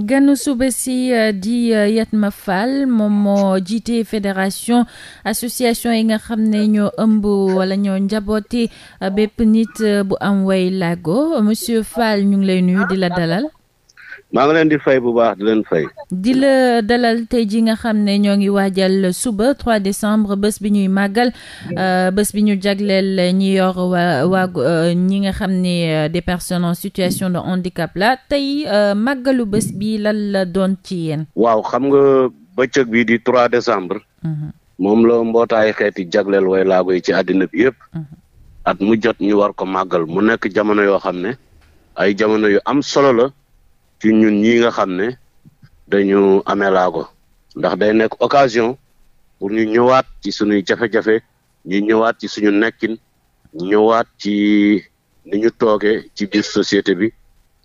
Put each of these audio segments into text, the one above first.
ganu suba si euh, di euh, ma Fall moom moo jiite fédération association yi nga xam ne ñoo ëmb wala ñoo njaboote euh, bépp nit bu am way laago monsieur Fall ñu ngi lay nuyu di la dalal maa ngi leen di fay bu baax di leen fay. di la dalal tey ji nga xam ne ñoo ngi waajal suba 3 décembre bés bi ñuy màggal euh, bés bi ñu jagleel ñi yor waa waa euh, ñi nga xam ne euh, des personnes en situation de handicap la tey màggalu bés bi lan la doon ci yéen. waaw xam nga bëccëg bi di trois décembre. Mhm. moom la mbootaay xeeti jagleel way laago yi ci àddina bi yëpp. Mhm. at mu jot ñu war ko màggal mu nekk jamono yoo xam ne ay jamono yu am solo la. ci ñun ñi nga xam ne dañu amee laago ndax day nekk occasion pour ñu ñëwaat ci suñuy jafe-jafe ñu ñëwaat ci suñu nekkin ñëwaat ci ni ñu toogee ci bis société bi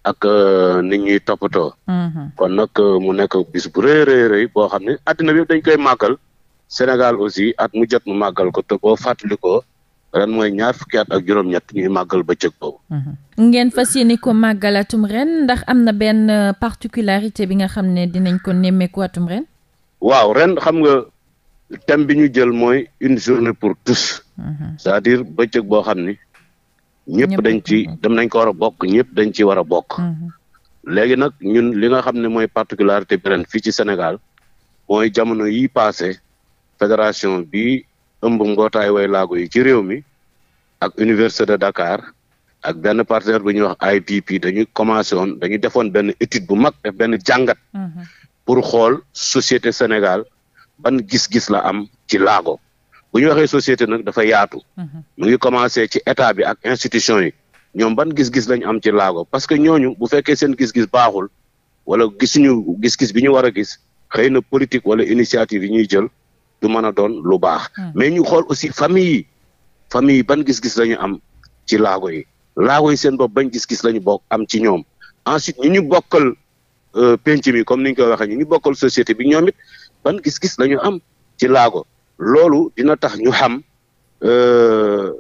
ak euh, ni ñuy toppatoo. Mm-hmm. kon nag euh, mu nekk bis bu rëy rëy boo xam ne àddina bi dañ koy màggal Sénégal aussi at mu jot mu màggal ko te boo ren mooy ñaar fukki ak juróom-ñett ñuy màggal bëccëg boobu. Mhm. ngeen fas yéene ko màggalatum ren ndax am na benn euh, particularité bi nga xam ne dinañ ko nemmeeku atum ren. waaw ren xam nga thème bi ñu jël mooy une journée pour tous. Mhm. c'est-à-dire bëccëg boo xam ni. ñëpp dañ ci dem nañ ko war a bokk ñëpp dañ ci war a bokk. Mhm. léegi nag ñun li nga xam ne mooy particularité bi ren fii ci Sénégal mooy jamono yi passé fédération bi. ëmb mbootaay way laago yi ci réew mi ak université de Dakar ak benn partenaire bu ñuy wax IDP dañuy commencé woon dañuy defoon benn étude bu mag def benn jàngat. Mhm. pour xool société Sénégal ban gis-gis la am ci laago bu ñu waxee société nag dafa yaatu. Mhm. mu ngi commencé ci état bi ak institution yi ñoom ban gis-gis lañ am ci laago parce que ñooñu bu fekkee seen gis-gis baaxul wala gisuñu gis-gis bi ñu war a gis xëy na politique wala initiative yi ñuy jël. du mën a doon lu baax. Hmm. mais ñu xool aussi famille yi famille yi ban gis-gis lañu am ci laago yi laago yi seen bopp bañ gis-gis lañu ñu bokk am ci ñoom ensuite ñu ñu bokkal euh, penc mi comme ni ñu koy waxee ñu ñu bokkal société bi ñoom ban gis-gis la am ci laago loolu dina tax ñu xam. Euh,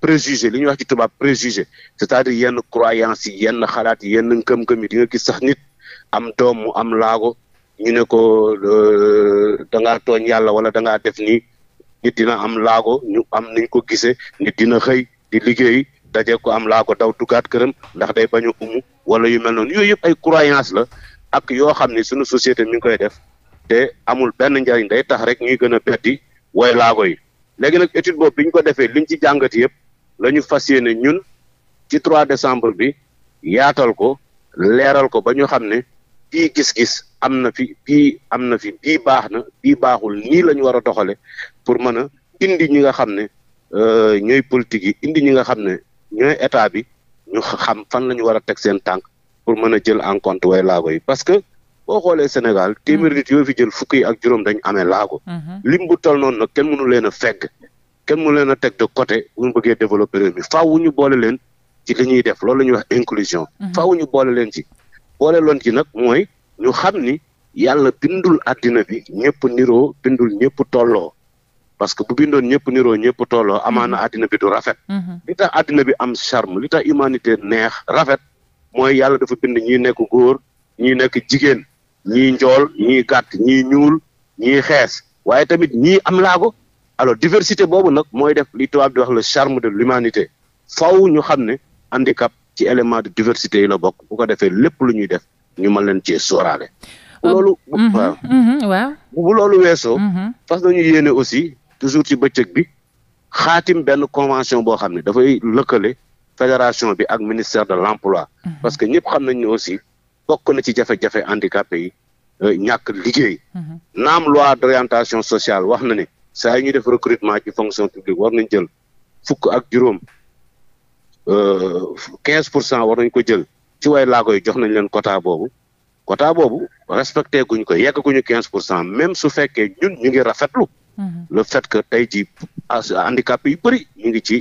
préjugé li ñuy wax ci tubaab préjugé c'est-à-dire yenn croyance yi yenn xalaat yi yenn ngëm-ngëm yi di gis sax am doom mu am laago ñu ne ko euh, da ngaa tooñ yàlla wala da def ni nit dina am laago ñu am niñ ko gisee nit dina xëy di liggéey daje ko am laago daw duggaat këram ndax day bañ umu wala yu mel noonu yooyu yëpp ay croyance la ak yoo xam ne sunu société mi ngi koy def te amul benn njariñ day tax rek ñuy gën a beddi way laago yi léegi nag étude boobu bi ñu ko defee liñ ci jàngati yëpp lañu ñu fas yéene ñun ci 3 décembre bi yaatal ko leeral ko ba ñu xam ne bii gis-gis am na fi bii am na fi baax na bii baaxul nii la ñu war a doxale pour mën a indi ñi nga xam ne euh, ñooy politique yi indi ñi nga xam ne ñooy état bi ñu xam fan la ñu war a teg seen tànk pour mën a jël en compte way laago yi parce que boo xoolee Sénégal téeméer nit yoo fi jël fukk yi ak juróom dañ amee laago mhm. lim bu toll noonu nag kenn mënu leen a fegg kenn mënu leen teg de côté bu ñu bëggee développer réew mi faaw ñu boole leen ci li ñuy def loolu la ñuy wax inclusion mhm. faaw ñu boole loon ci nag mooy ñu xam ni yàlla bindul addina bi ñëpp niroo bindul ñëpp tolloo parce que bu bindoon ñëpp niroo ñëpp tolloo amaana mm-hmm. àddina bi du rafet. Mm-hmm. li tax àddina bi am charme li tax humanité neex rafet mooy yàlla dafa bind ñii nekk góor ñii nekk jigéen ñi njool ñii gàtt ñi ñuul ñii xees waaye tamit ñii am laago alors diversité boobu nag mooy def li tubaab di wax le charme de l'humanité faw ñu xam ne handicap ci élément de diversité yi la bokk bu ko defee lépp lu ñuy def ñu mën leen cee sóoraale. bu euh, loolu. Mm-hmm, waaw mm-hmm, bu loolu weesoo. Mm-hmm. fas nañu yéene aussi toujours ci bëccëg bi xaatim benn convention boo xam ne dafay lëkkale fédération bi ak ministère de l'emploi. parce que ñëpp xam nañ ne aussi bokk na ci jafe-jafe handicapé yi. Euh, ñàkk liggéey. naam loi d'orientation sociale wax na ne saa yi ñuy def recrutement ci fonction publique war nañ jël fukk ak juróom quinze pour cent war nañ ko jël ci way laago yi jox nañ leen quota boobu quota boobu respecté guñ ko yeggaguñu quinze pour cent même su fekkee ñun ñu ngi rafetlu mhm. le fait que tey ji handicap yu bëri ñu ngi ci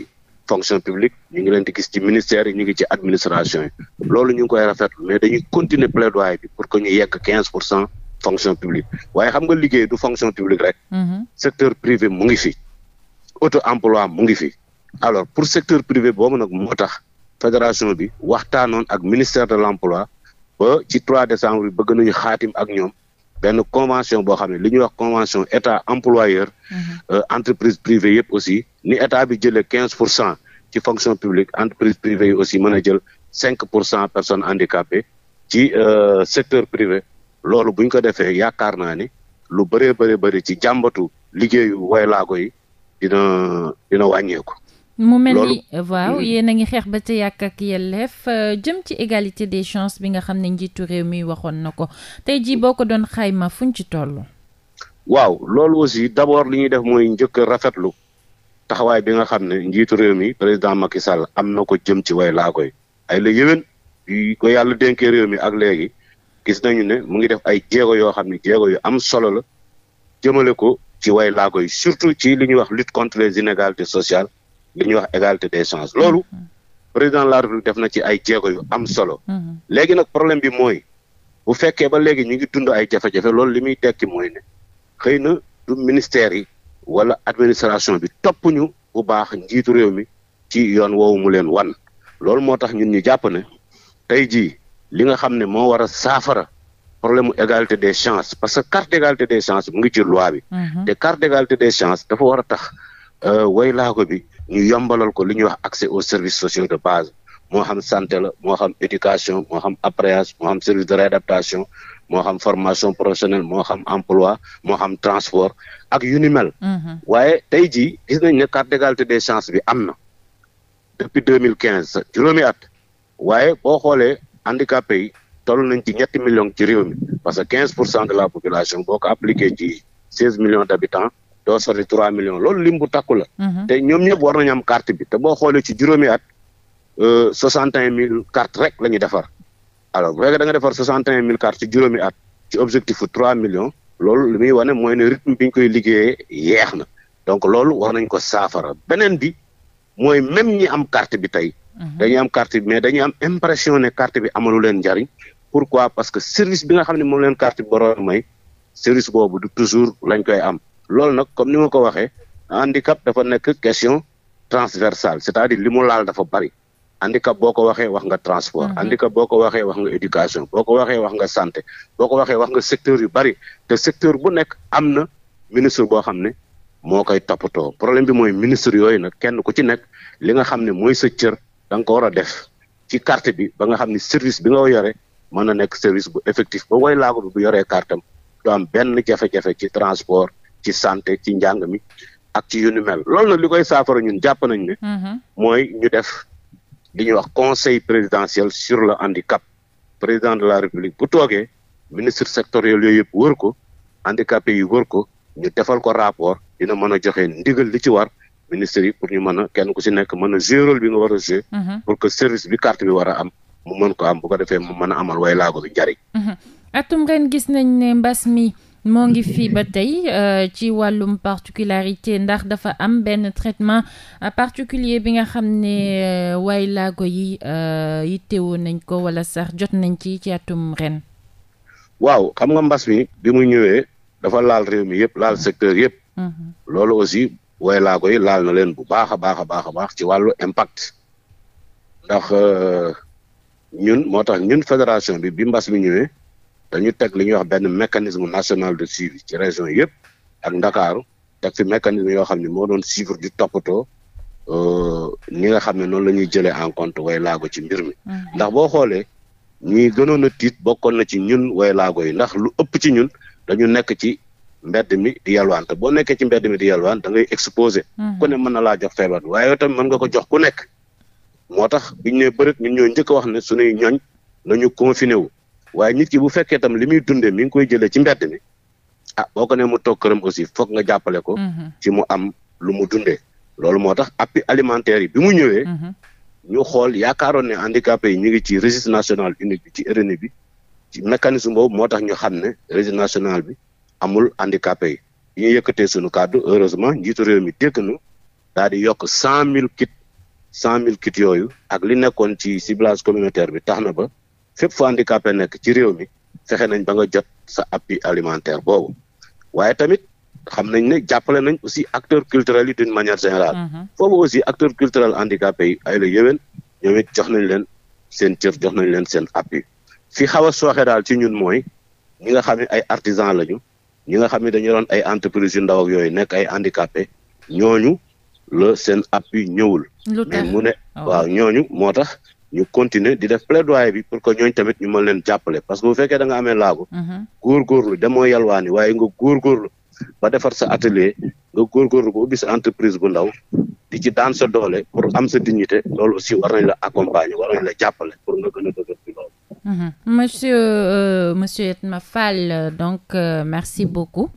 fonction publique ñu ngi leen di gis ci ministère yi ñu ngi ci administration yi loolu ñu ngi koy rafetlu mais dañuy continuer plaidoyer bi pour que ñu yegg quinze pour cent fonction publique waaye xam nga liggéey du fonction publique rek mhm. secteur privé mu ngi fi auto emploi mu ngi fi alors pour secteur privé boobu nag moo tax fédération bi waxtaanoon ak ministère de l'emploi ba ci trois décembre bi bëgg nañu xaatim ak ñoom benn convention boo xam ne li ñuy wax convention état employeur mhm. euh, entreprise privée yëpp aussi ni état bi jëlee quinze pour cent ci fonction publique entreprise privée yi aussi mën a jël cinq pour cent personnes handicapées ci euh, secteur privé loolu buñ ko defee yaakaar naa ni lu bëree bëri bëri ci jàmbatu liggéeyu way laago yi dina dina wàññeeku mu mel ni eh, waaw mm-hmm. yéen a ngi xeex ba ca yàq ak yelleef eh, jëm ci égalité des chances bi nga xam ne njiitu réew mi waxoon na ko tey jii boo ko doon xayma fuñ ci toll. waaw loolu aussi d' abord li ñuy def mooy njëkk rafetlu taxawaay bi nga xam ne njiitu réew mi président Macky Sall am na ko jëm ci way laa koy ay la yéwén ko yàlla denkee réew mi ak léegi gis nañu ne mu ngi def ay jéego yoo xam ne jéego yu am solo la jëmale ko ci way laa koy surtout ci li ñuy wax lutte contre les inégalités sociales. li ñuy wax égalité des chances loolu mm-hmm. président la République def na ci ay jéego yu am solo mm-hmm. léegi nag problème bi mooy bu fekkee ba léegi ñu ngi dund ay jafe-jafe loolu li muy tekki mooy ne xëy na du ministère yi wala administration bi topp ñu bu baax njiitu réew mi ci yoon woowu leen wan loolu moo tax ñun ñu jàpp ne tey jii li nga xam ne moo war a saafara problème mu égalité de chances parce que carte d'égalité des chances mu ngi ci loi bi mm-hmm. te carte d'égalité des chances dafa war a tax euh, way laa bi ñu yombalal ko li ñuy wax accès aux services sociaux de base moo xam santé la moo xam éducation moo xam appareillage moo xam service de réadaptation moo xam formation professionnelle moo xam emploi moo xam transport ak yu mm-hmm. waaye tey jii gis nañ ne carte d'égalité des chances bi am na depuis deux mille quinze juróomi at waaye boo xoolee handicapés yi toll nañ ci ñetti millions ci réew mi parce que de la population boo ko appliqué ci seize millions d'habitants doo sori trois millions loolu lim bu takku la. Mhm. te ñoom ñëpp war nañu am carte bi te boo xoolee ci juróomi at euh, soixante et un mille cartes rek la ñuy defar alors bu fekkee da nga defar soixante et un mille cartes ci juróomi at ci objectif bu trois millions loolu li muy wane mooy ne rythme bi koy liggéeyee yeex na donc loolu war nañ ko saafara beneen bi mooy même ñi am carte bi tey. Mhm. dañuy am carte bi mais dañuy am impression ne carte bi amalu leen njariñ pourquoi parce que service bi nga xam ne moom leen carte bi borom may service boobu du toujours koy am loolu nag comme ni ma ko waxee handicap dafa nekk question transversale c'est-à-dire li mu laal dafa bari handicap boo ko waxee wax nga transport mhm. handicap boo ko waxee wax nga éducation boo ko waxee wax nga santé boo ko waxee wax nga secteur yu bari te secteur bu nekk am na ministre boo xam ne moo koy toppatoo problème bi mooy ministre yooyu nag kenn ku ci nekk li nga xam ne mooy sa cër da nga war a def ci carte bi ba nga xam ne service bi nga yore mën na nekk service bu effectif ba woy laago bu yoree carte am am benn jafe ci transport ci santé ci njàng mi ak ci yu ni mel loolu nag li koy saafara ñun jàpp nañ ne. Mm-hmm. mooy ñu def li ñuy wax conseil présidentiel sur le handicap président de la république bu toogee ministre sectoriel yooyu yëpp wër ko handicapé yi wër ko ñu defal ko rapport dina mën a joxe ndigal li ci war. ministère yi pour ñu mën a kenn ku ci nekk mën a jouer rôle bi nga war a jouer mm-hmm. pour que service bi carte bi war a am mu mën ko am bu ko defee mu mën a amal way laa bi njariñ mm-hmm. atum ren gis moo ngi fi ba tey euh, ci wàllum particularité ndax dafa am benn traitement euh, particulier bi nga xam ne euh, waay laago yi yittewoon nañ ko wala sax jot nañ ci ci atum ren. waaw xam nga mbas mi bi mu ñëwee dafa laal réew mi yëpp laal secteur yëpp. Mm-hmm. loolu aussi waay laago yi laal na leen bu baax a baax a baax a baax ci wàllu impact. ndax ñun moo tax ñun fédération bi bi mbas mi ñëwee. dañu teg li ñuy wax benn mécanisme national de suivi ci région yëpp ak ndakaaru teg fi mécanisme yoo xam ne moo doon suivre di toppatoo ñi euh, nga xam ne noonu la ñuy jëlee en compte way laago ci mbir mi mm-hmm. ndax boo xoolee ñi gënoon a tiit bokkoon na ci ñun way laago yi ndax lu ëpp ci ñun dañu nekk ci mbedd mi di yalwaan te boo nekkee ci mbedd mi di yalwaan da ngay exposé mm-hmm. ku ne mën na laa jox feebar waaye itam mën nga ko jox ku nekk moo tax biñu ne bërët ñun ñoo njëkk wax ne suñuy ñooñ nañu confiné wu waaye nit ki bu fekkee tam li muy dundee mi ngi koy jëlee ci mbedd mi ah boo ko nee mu toog këram aussi foog nga jàppale ko. Mhm. ci mu am lu mu dundee. loolu moo tax appui alimentaire yi bi mu ñëwee. Mhm. ñu xool yaakaaroon ne handicapé yi ñu ngi ci registre national unique bi ci RNU bi ci mécanisme boobu moo tax ñu xam ne registre national bi amul handicapé yi. ñu yëkkatee sunu kàddu heureusement njiitu réew mi dégg nu daal di yokk cent mille kits cent mille kits yooyu ak li nekkoon ci ciblage communautaire bi tax na ba. fépp fu handicapé nekk ci réew mi fexe nañ ba nga jot sa appui alimentaire boobu waaye tamit xam nañ ne jàppale nañ aussi acteur culturels yi d'une manière générale mhm. foofu aussi acteurs culturels handicapés yi ay la yéwén ñoom it nañ leen seen cër jox nañ leen seen appui fi xaw a sooxe daal ci ñun mooy ñi nga xam ne ay artisans lañu ñi nga xam ne dañu roon ay entreprises yu ndaw ak yooyu nekk ay handicapés ñooñu la seen appui ñëwul mais mu ne ah waaw ñooñu moo tax ñu continuer di def plaidoyer bi pour que ñooñ tamit ñu mën leen jàppale parce que bu fekkee da nga amee laago mhm. góorgóorlu demoo yalwaani waaye nga góorgóorlu ba defar sa atelier nga góorgóorlu ba ubbi sa entreprise bu ndaw di ci daan sa doole pour am sa dignité loolu aussi war nañ la accompagner war nañ la jàppale pour nga gën a mhm. monsieur euh, monsieur Yatma donc euh, merci beaucoup